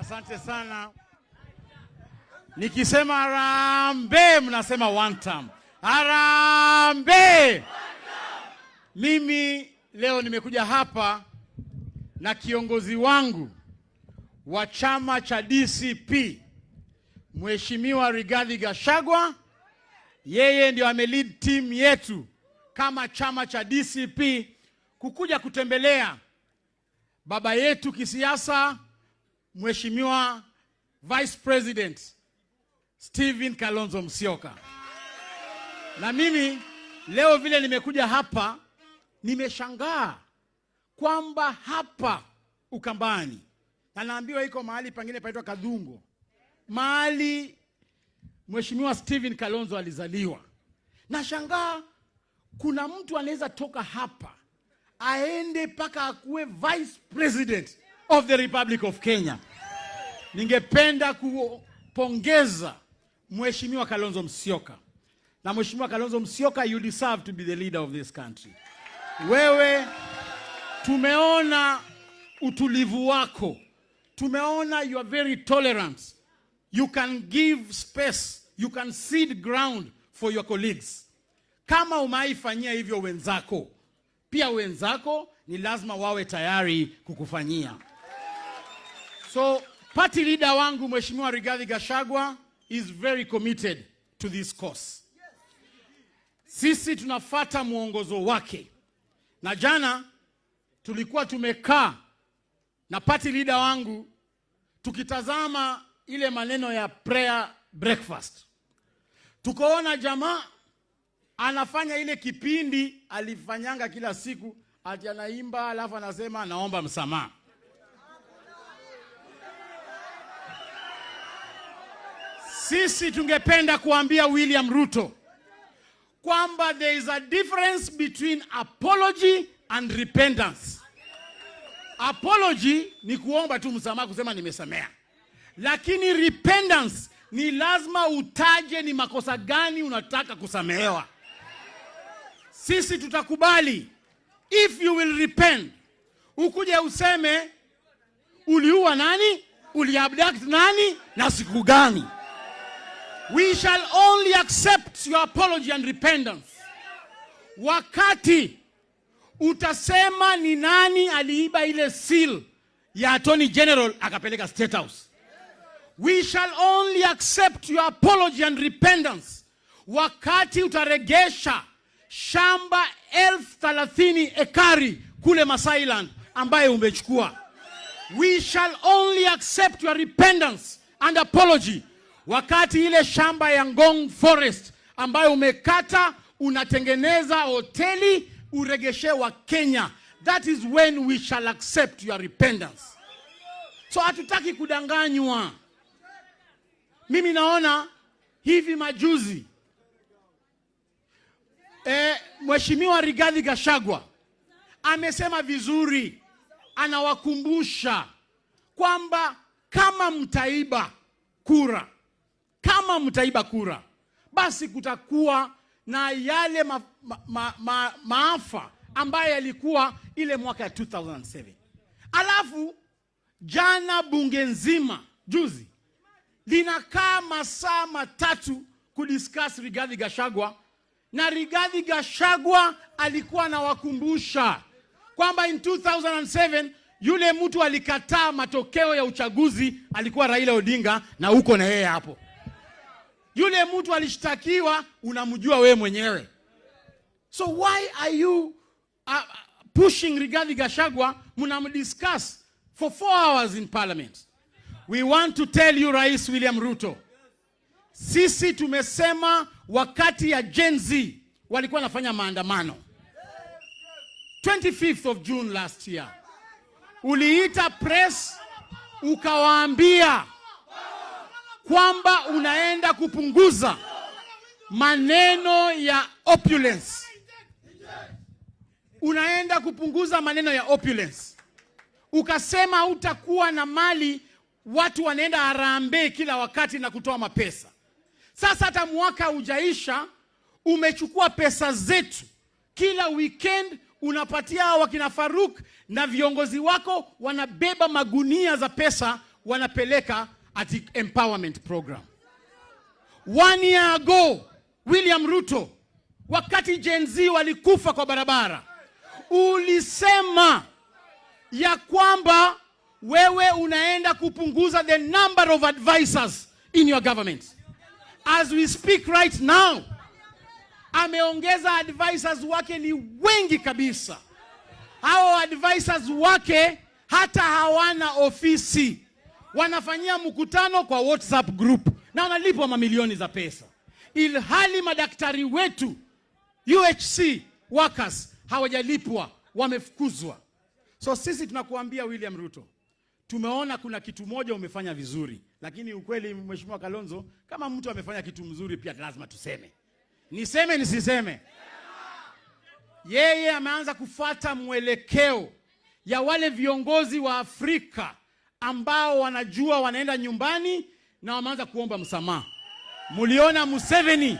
Asante sana. Nikisema arambe mnasema one time. Harambee! Mimi leo nimekuja hapa na kiongozi wangu wa chama cha DCP Mheshimiwa Rigathi Gachagua. Yeye ndio amelead team yetu kama chama cha DCP kukuja kutembelea baba yetu kisiasa Mheshimiwa Vice President Stephen Kalonzo Musyoka. Na mimi leo vile nimekuja hapa nimeshangaa kwamba hapa Ukambani na naambiwa iko mahali pengine paitwa Kadhungo, mahali Mheshimiwa Stephen Kalonzo alizaliwa. Nashangaa kuna mtu anaweza toka hapa aende mpaka akuwe Vice President of the Republic of Kenya. Ningependa kupongeza Mheshimiwa Kalonzo Musyoka. Na Mheshimiwa Kalonzo Musyoka, you deserve to be the leader of this country. Wewe tumeona utulivu wako. Tumeona you are very tolerant. You can give space, you can seed ground for your colleagues. Kama umaifanyia hivyo wenzako, pia wenzako ni lazima wawe tayari kukufanyia. So party leader wangu Mheshimiwa Rigathi Gachagua is very committed to this course. Sisi tunafata mwongozo wake, na jana tulikuwa tumekaa na party leader wangu tukitazama ile maneno ya prayer breakfast, tukaona jamaa anafanya ile kipindi alifanyanga kila siku, ati anaimba alafu anasema anaomba msamaha. Sisi tungependa kuambia William Ruto kwamba there is a difference between apology and repentance. Apology ni kuomba tu msamaha, kusema nimesamea, lakini repentance ni lazima utaje ni makosa gani unataka kusamehewa. Sisi tutakubali if you will repent, ukuje useme uliua nani, uliabduct nani na siku gani. We shall only accept your apology and repentance wakati utasema ni nani aliiba ile seal ya Attorney General akapeleka State House. We shall only accept your apology and repentance wakati utaregesha shamba elfu thelathini ekari kule masailand Land ambaye umechukua. We shall only accept your repentance and apology Wakati ile shamba ya Ngong Forest ambayo umekata unatengeneza hoteli uregeshe wa Kenya, that is when we shall accept your repentance. So hatutaki kudanganywa. Mimi naona hivi majuzi e, Mheshimiwa Rigathi Gachagua amesema vizuri, anawakumbusha kwamba kama mtaiba kura kama mtaiba kura, basi kutakuwa na yale ma, ma, ma, ma, maafa ambayo yalikuwa ile mwaka ya 2007. Alafu jana bunge nzima juzi linakaa masaa matatu kudiscuss Rigathi Gachagua, na Rigathi Gachagua alikuwa anawakumbusha kwamba in 2007 yule mtu alikataa matokeo ya uchaguzi alikuwa Raila Odinga, na uko na yeye hapo. Yule mtu alishtakiwa, unamjua wewe mwenyewe. So why are you uh, uh, pushing Rigathi Gachagua? Mnamdiscuss for four hours in parliament. We want to tell you Rais William Ruto, sisi tumesema wakati ya Gen Z walikuwa wanafanya maandamano 25th of June last year, uliita press ukawaambia kwamba unaenda kupunguza maneno ya opulence, unaenda kupunguza maneno ya opulence, ukasema utakuwa na mali, watu wanaenda harambee kila wakati na kutoa mapesa. Sasa hata mwaka ujaisha, umechukua pesa zetu, kila weekend unapatia wakina Faruk na viongozi wako wanabeba magunia za pesa wanapeleka at the empowerment program. One year ago, William Ruto, wakati Gen Z walikufa kwa barabara, ulisema ya kwamba wewe unaenda kupunguza the number of advisors in your government. As we speak right now, ameongeza advisors wake ni wengi kabisa. Hao advisors wake hata hawana ofisi wanafanyia mkutano kwa WhatsApp group na wanalipwa mamilioni za pesa, ilhali madaktari wetu UHC workers hawajalipwa, wamefukuzwa. So sisi tunakuambia William Ruto, tumeona kuna kitu moja umefanya vizuri, lakini ukweli, mheshimiwa Kalonzo, kama mtu amefanya kitu mzuri pia lazima tuseme. Niseme nisiseme? Yeye ameanza kufuata mwelekeo ya wale viongozi wa Afrika ambao wanajua wanaenda nyumbani na wameanza kuomba msamaha. Muliona Museveni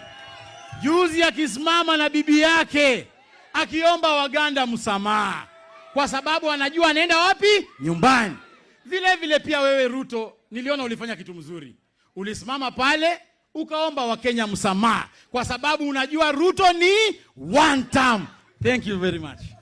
juzi akisimama na bibi yake akiomba Waganda msamaha kwa sababu anajua anaenda wapi? Nyumbani. Vile vile pia wewe Ruto, niliona ulifanya kitu mzuri, ulisimama pale ukaomba Wakenya msamaha kwa sababu unajua Ruto ni one term. Thank you very much.